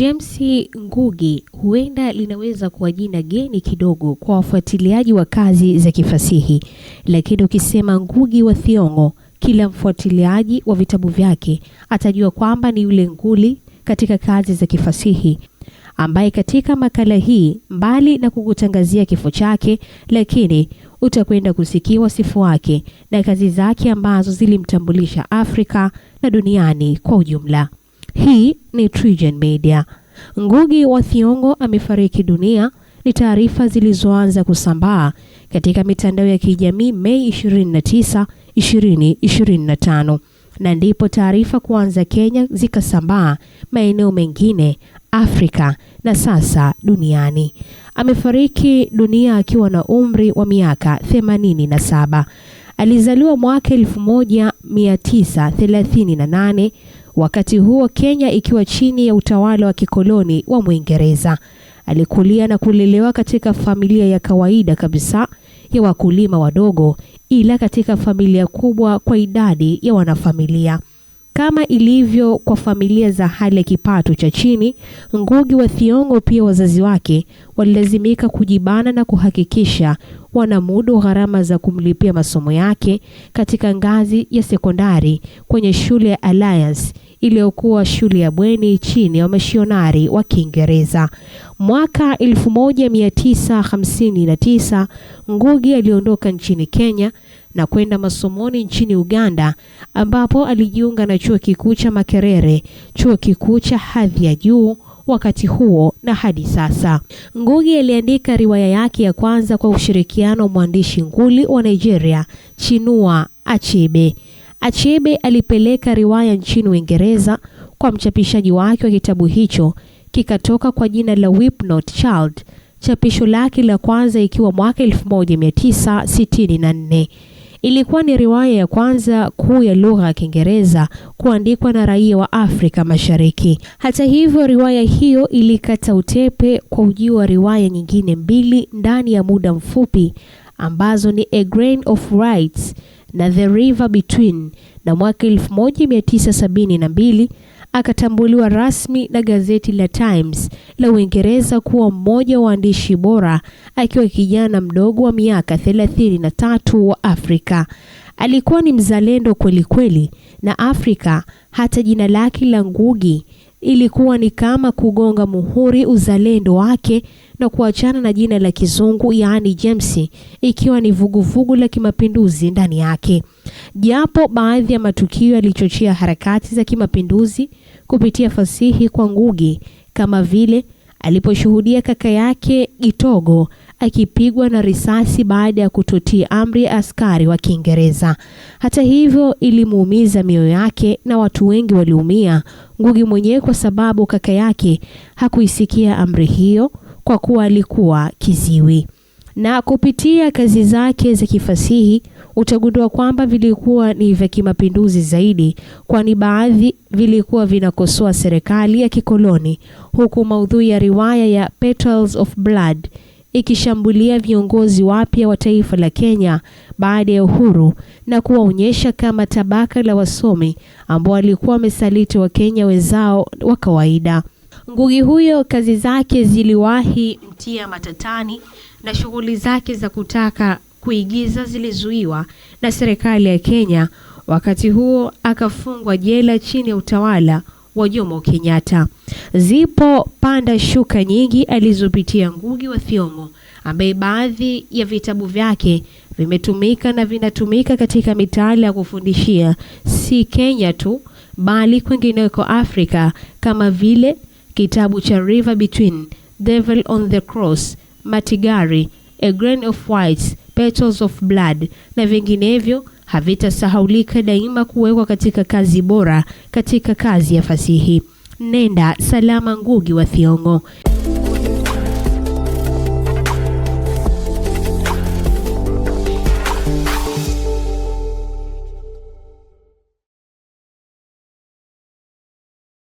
James Ngugi huenda linaweza kuwa jina geni kidogo kwa wafuatiliaji wa kazi za kifasihi, lakini ukisema Ngugi wa Thiong'o, kila mfuatiliaji wa vitabu vyake atajua kwamba ni yule nguli katika kazi za kifasihi ambaye katika makala hii mbali na kukutangazia kifo chake, lakini utakwenda kusikia wasifu wake na kazi zake ambazo zilimtambulisha Afrika na duniani kwa ujumla. Hii ni TriGen Media. Ngugi wa Thiong'o amefariki dunia ni taarifa zilizoanza kusambaa katika mitandao ya kijamii Mei 29, 2025 na ndipo taarifa kuanza Kenya zikasambaa maeneo mengine Afrika na sasa duniani. Amefariki dunia akiwa na umri wa miaka 87. Alizaliwa mwaka 1938 wakati huo Kenya ikiwa chini ya utawala wa kikoloni wa Mwingereza. Alikulia na kulelewa katika familia ya kawaida kabisa ya wakulima wadogo, ila katika familia kubwa kwa idadi ya wanafamilia. Kama ilivyo kwa familia za hali ya kipato cha chini, Ngugi wa Thiong'o pia wazazi wake walilazimika kujibana na kuhakikisha wanamudu gharama za kumlipia masomo yake katika ngazi ya sekondari kwenye shule ya Alliance iliyokuwa shule ya bweni chini ya wamishionari wa Kiingereza. Mwaka 1959 Ngugi aliondoka nchini Kenya na kwenda masomoni nchini Uganda ambapo alijiunga na chuo kikuu cha Makerere, chuo kikuu cha hadhi ya juu wakati huo na hadi sasa. Ngugi aliandika riwaya yake ya kwanza kwa ushirikiano wa mwandishi nguli wa Nigeria, Chinua Achebe. Achebe alipeleka riwaya nchini Uingereza kwa mchapishaji wake wa kitabu hicho kikatoka kwa jina la Not Child, chapisho lake la kwanza ikiwa mwaka 1964. Ilikuwa ni riwaya ya kwanza kuu ya lugha ya Kiingereza kuandikwa na raia wa Afrika Mashariki. Hata hivyo, riwaya hiyo ilikata utepe kwa ujio wa riwaya nyingine mbili ndani ya muda mfupi ambazo ni A Grain of Rice na The River Between na mwaka 1972 akatambuliwa rasmi na gazeti la Times la Uingereza kuwa mmoja wa waandishi bora akiwa kijana mdogo wa miaka thelathini na tatu wa Afrika. Alikuwa ni mzalendo kweli kweli na Afrika hata jina lake la Ngugi ilikuwa ni kama kugonga muhuri uzalendo wake na kuachana na jina la kizungu yaani James, ikiwa ni vuguvugu la kimapinduzi ndani yake. Japo baadhi ya matukio yalichochea harakati za kimapinduzi kupitia fasihi kwa Ngugi kama vile aliposhuhudia kaka yake Gitogo akipigwa na risasi baada ya kutotii amri ya askari wa Kiingereza. Hata hivyo, ilimuumiza mioyo yake na watu wengi waliumia, Ngugi mwenyewe kwa sababu kaka yake hakuisikia amri hiyo kwa kuwa alikuwa kiziwi na kupitia kazi zake za kifasihi utagundua kwamba vilikuwa ni vya kimapinduzi zaidi, kwani baadhi vilikuwa vinakosoa serikali ya kikoloni, huku maudhui ya riwaya ya Petals of Blood ikishambulia viongozi wapya wa taifa la Kenya baada ya uhuru na kuwaonyesha kama tabaka la wasomi ambao walikuwa wamesaliti Wakenya wenzao wa kawaida. Ngugi huyo kazi zake ziliwahi mtia matatani na shughuli zake za kutaka kuigiza zilizuiwa na serikali ya Kenya, wakati huo akafungwa jela chini ya utawala wa Jomo Kenyatta. Zipo panda shuka nyingi alizopitia Ngugi wa Thiong'o ambaye baadhi ya vitabu vyake vimetumika na vinatumika katika mitaala ya kufundishia si Kenya tu bali kwingineko Afrika kama vile kitabu cha River Between, Devil on the Cross Matigari, A Grain of white, Petals of Blood na vinginevyo havitasahaulika daima kuwekwa katika kazi bora katika kazi ya fasihi. Nenda salama Ngugi wa Thiong'o.